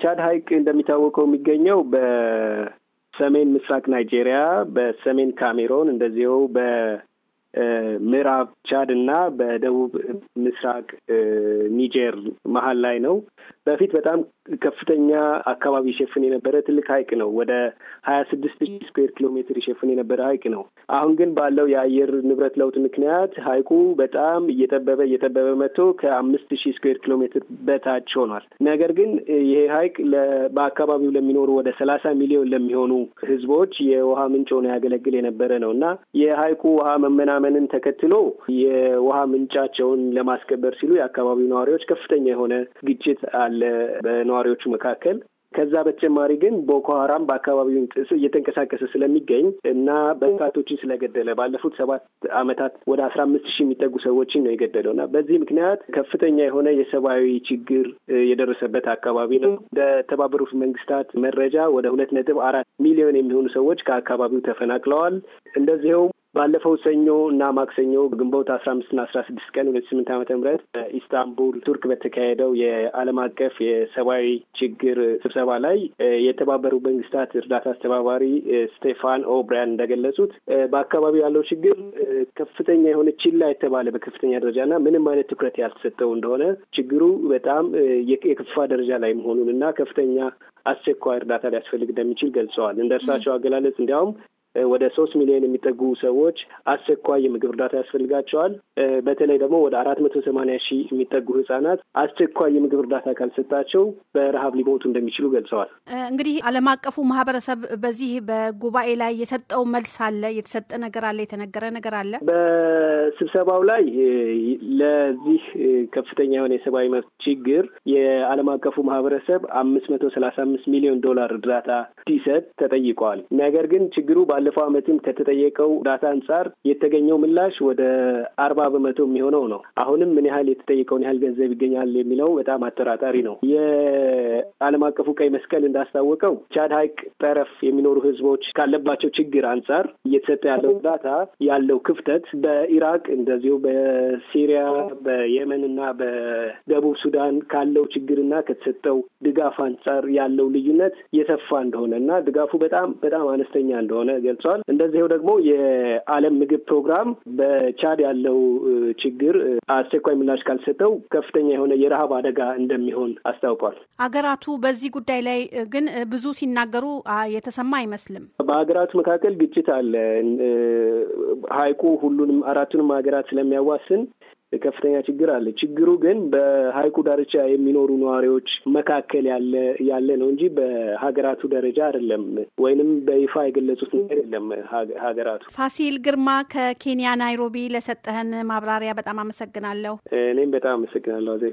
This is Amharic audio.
ቻድ ሀይቅ እንደሚታወቀው የሚገኘው በሰሜን ምስራቅ ናይጄሪያ፣ በሰሜን ካሜሮን እንደዚሁ በምዕራብ ቻድ እና በደቡብ ምስራቅ ኒጀር መሀል ላይ ነው። በፊት በጣም ከፍተኛ አካባቢ ይሸፍን የነበረ ትልቅ ሀይቅ ነው። ወደ ሀያ ስድስት ሺ ስኩዌር ኪሎ ሜትር ይሸፍን የነበረ ሀይቅ ነው። አሁን ግን ባለው የአየር ንብረት ለውጥ ምክንያት ሀይቁ በጣም እየጠበበ እየጠበበ መጥቶ ከአምስት ሺ ስኩዌር ኪሎ ሜትር በታች ሆኗል። ነገር ግን ይሄ ሀይቅ በአካባቢው ለሚኖሩ ወደ ሰላሳ ሚሊዮን ለሚሆኑ ህዝቦች የውሃ ምንጭ ሆኖ ያገለግል የነበረ ነው እና የሀይቁ ውሃ መመናመንን ተከትሎ የውሃ ምንጫቸውን ለማስከበር ሲሉ የአካባቢው ነዋሪዎች ከፍተኛ የሆነ ግጭት አለ በነዋ ነዋሪዎቹ መካከል ከዛ በተጨማሪ ግን ቦኮ ሀራም በአካባቢው እየተንቀሳቀሰ ስለሚገኝ እና በርካቶችን ስለገደለ ባለፉት ሰባት ዓመታት ወደ አስራ አምስት ሺህ የሚጠጉ ሰዎችን ነው የገደለው እና በዚህ ምክንያት ከፍተኛ የሆነ የሰብአዊ ችግር የደረሰበት አካባቢ ነው። በተባበሩት መንግስታት መረጃ ወደ ሁለት ነጥብ አራት ሚሊዮን የሚሆኑ ሰዎች ከአካባቢው ተፈናቅለዋል። እንደዚሁም ባለፈው ሰኞ እና ማክሰኞ ግንቦት አስራ ና አስራ ስድስት ቀን ሁለት ስምንት ዓመተ ምህረት በኢስታንቡል ቱርክ በተካሄደው የዓለም አቀፍ የሰብአዊ ችግር ስብሰባ ላይ የተባበሩ መንግስታት እርዳታ አስተባባሪ ስቴፋን ኦብሪያን እንደገለጹት በአካባቢው ያለው ችግር ከፍተኛ የሆነ ችላ የተባለ በከፍተኛ ደረጃና ምንም አይነት ትኩረት ያልተሰጠው እንደሆነ ችግሩ በጣም የክፋ ደረጃ ላይ መሆኑን እና ከፍተኛ አስቸኳይ እርዳታ ሊያስፈልግ እንደሚችል ገልጸዋል። እንደ እርሳቸው አገላለጽ እንዲያውም ወደ ሶስት ሚሊዮን የሚጠጉ ሰዎች አስቸኳይ የምግብ እርዳታ ያስፈልጋቸዋል። በተለይ ደግሞ ወደ አራት መቶ ሰማኒያ ሺህ የሚጠጉ ህጻናት አስቸኳይ የምግብ እርዳታ ካልሰጣቸው በረሀብ ሊሞቱ እንደሚችሉ ገልጸዋል። እንግዲህ ዓለም አቀፉ ማህበረሰብ በዚህ በጉባኤ ላይ የሰጠው መልስ አለ፣ የተሰጠ ነገር አለ፣ የተነገረ ነገር አለ። በስብሰባው ላይ ለዚህ ከፍተኛ የሆነ የሰብአዊ መብት ችግር የዓለም አቀፉ ማህበረሰብ አምስት መቶ ሰላሳ አምስት ሚሊዮን ዶላር እርዳታ እንዲሰጥ ተጠይቀዋል። ነገር ግን ችግሩ ባ ባለፈው ዓመትም ከተጠየቀው ዳታ አንጻር የተገኘው ምላሽ ወደ አርባ በመቶ የሚሆነው ነው። አሁንም ምን ያህል የተጠየቀውን ያህል ገንዘብ ይገኛል የሚለው በጣም አጠራጣሪ ነው። የዓለም አቀፉ ቀይ መስቀል እንዳስታወቀው ቻድ ሀይቅ ጠረፍ የሚኖሩ ህዝቦች ካለባቸው ችግር አንጻር እየተሰጠ ያለው እርዳታ ያለው ክፍተት በኢራቅ እንደዚሁ በሲሪያ በየመን እና በደቡብ ሱዳን ካለው ችግርና ከተሰጠው ድጋፍ አንጻር ያለው ልዩነት የሰፋ እንደሆነ እና ድጋፉ በጣም በጣም አነስተኛ እንደሆነ ገልጿል። እንደዚሁ ደግሞ የዓለም ምግብ ፕሮግራም በቻድ ያለው ችግር አስቸኳይ ምላሽ ካልሰጠው ከፍተኛ የሆነ የረሃብ አደጋ እንደሚሆን አስታውቋል። አገራቱ በዚህ ጉዳይ ላይ ግን ብዙ ሲናገሩ የተሰማ አይመስልም። በሀገራቱ መካከል ግጭት አለ። ሀይቁ ሁሉንም አራቱንም ሀገራት ስለሚያዋስን ከፍተኛ ችግር አለ። ችግሩ ግን በሀይቁ ዳርቻ የሚኖሩ ነዋሪዎች መካከል ያለ ያለ ነው እንጂ በሀገራቱ ደረጃ አይደለም፣ ወይንም በይፋ የገለጹት ነገር የለም ሀገራቱ። ፋሲል ግርማ ከኬንያ ናይሮቢ፣ ለሰጠህን ማብራሪያ በጣም አመሰግናለሁ። እኔም በጣም አመሰግናለሁ